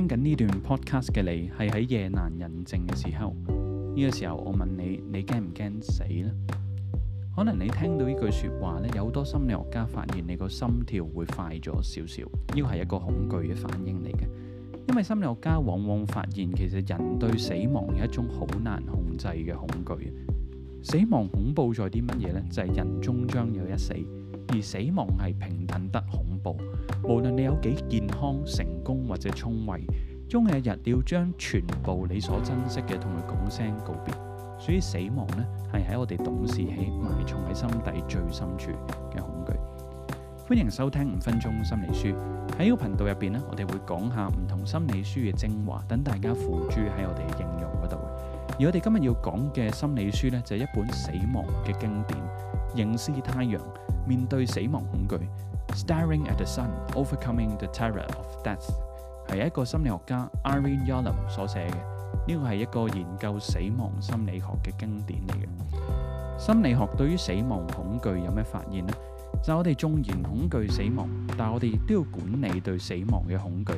聽緊呢段 podcast 嘅你係喺夜難人靜嘅時候，呢個時候我問你，你驚唔驚死呢？可能你聽到呢句說話咧，有好多心理學家發現你個心跳會快咗少少，呢個係一個恐懼嘅反應嚟嘅。因為心理學家往往發現其實人對死亡有一種好難控制嘅恐懼。死亡恐怖在啲乜嘢呢？就係人終將有一死，而死亡係平等得恐。無論你有幾健康、成功或者聰慧，終有一日要將全部你所珍惜嘅同佢講聲告別。所以死亡呢，係喺我哋懂事起埋藏喺心底最深處嘅恐懼。歡迎收聽五分鐘心理書，喺呢個頻道入邊呢，我哋會講下唔同心理書嘅精華，等大家付諸喺我哋應用嗰度。而我哋今日要講嘅心理書呢，就係、是、一本死亡嘅經典《凝視太陽》，面對死亡恐懼。Staring at the sun, overcoming the terror of death，係一個心理學家 Irvin Yalom 所寫嘅。呢個係一個研究死亡心理學嘅經典嚟嘅。心理學對於死亡恐懼有咩發現呢？就係，我哋縱然恐懼死亡，但係我哋亦都要管理對死亡嘅恐懼。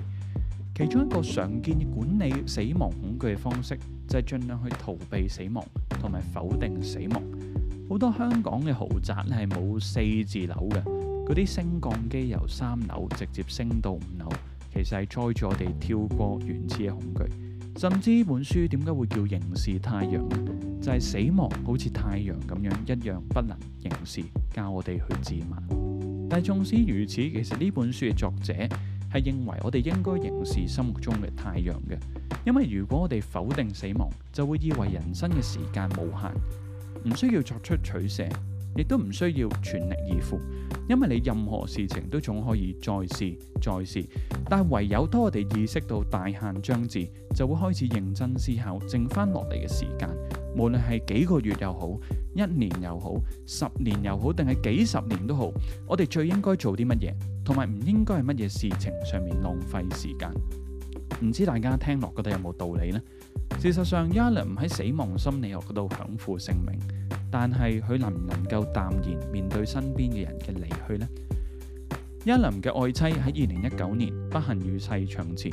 其中一個常見管理死亡恐懼嘅方式就係、是、盡量去逃避死亡，同埋否定死亡。好多香港嘅豪宅咧係冇四字樓嘅。嗰啲升降機由三樓直接升到五樓，其實係載住我哋跳過原始嘅恐懼。甚至呢本書點解會叫凝視太陽？就係死亡好似太陽咁樣，一樣不能凝視，教我哋去自問。但係縱使如此，其實呢本書嘅作者係認為我哋應該凝視心目中嘅太陽嘅，因為如果我哋否定死亡，就會以為人生嘅時間無限，唔需要作出取捨。亦都唔需要全力以赴，因為你任何事情都總可以再試再試。但唯有當我哋意識到大限將至，就會開始認真思考剩返落嚟嘅時間，無論係幾個月又好，一年又好，十年又好，定係幾十年都好，我哋最應該做啲乜嘢，同埋唔應該喺乜嘢事情上面浪費時間。唔知大家聽落覺得有冇道理呢？事實上，Yalom 喺死亡心理學嗰度享負盛名，但係佢能唔能夠淡然面對身邊嘅人嘅離去呢？Yalom 嘅愛妻喺二零一九年不幸與世長辭，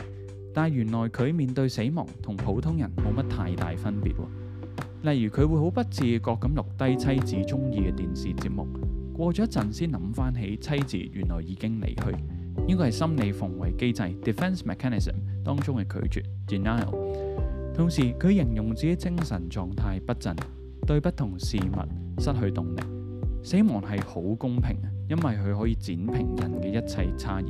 但係原來佢面對死亡同普通人冇乜太大分別喎。例如佢會好不自覺咁錄低妻子中意嘅電視節目，過咗一陣先諗翻起妻子原來已經離去，應該係心理防衞機制 （defense mechanism） 當中嘅拒絕 （denial）。同時，佢形容自己精神狀態不振，對不同事物失去動力。死亡係好公平，因為佢可以剪平人嘅一切差異，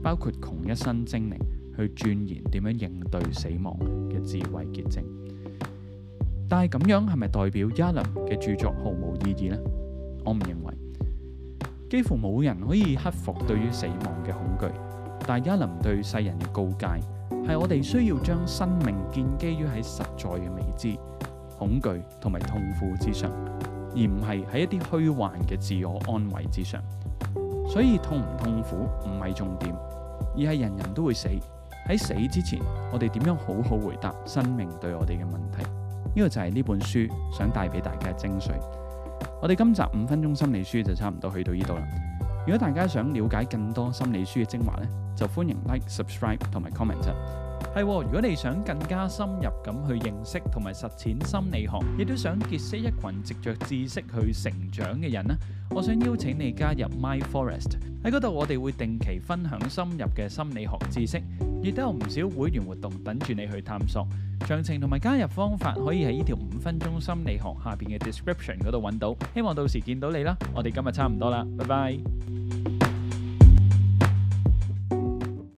包括窮一身精靈去鑽研點樣應對死亡嘅智慧結晶。但係咁樣係咪代表亞隆嘅著作毫無意義呢？我唔認為，幾乎冇人可以克服對於死亡嘅恐懼，但係亞隆對世人嘅告誡，係我哋需要將生命建基於喺實在嘅未知、恐懼同埋痛苦之上，而唔係喺一啲虛幻嘅自我安慰之上。所以痛唔痛苦唔係重點，而係人人都會死。喺死之前，我哋點樣好好回答生命對我哋嘅問題？呢個就係呢本書想帶俾大家嘅精髓。我哋今集五分鐘心理書就差唔多去到呢度啦。如果大家想了解更多心理書嘅精華呢，就歡迎 like、subscribe 同埋 comment。係，如果你想更加深入咁去認識同埋實踐心理學，亦都想結識一羣藉著知識去成長嘅人呢，我想邀請你加入 MindForest。喺嗰度，我哋會定期分享深入嘅心理學知識。亦都有唔少會員活動等住你去探索，詳情同埋加入方法可以喺呢條五分鐘心理學下面嘅 description 嗰度揾到。希望到時見到你啦！我哋今日差唔多啦，拜拜。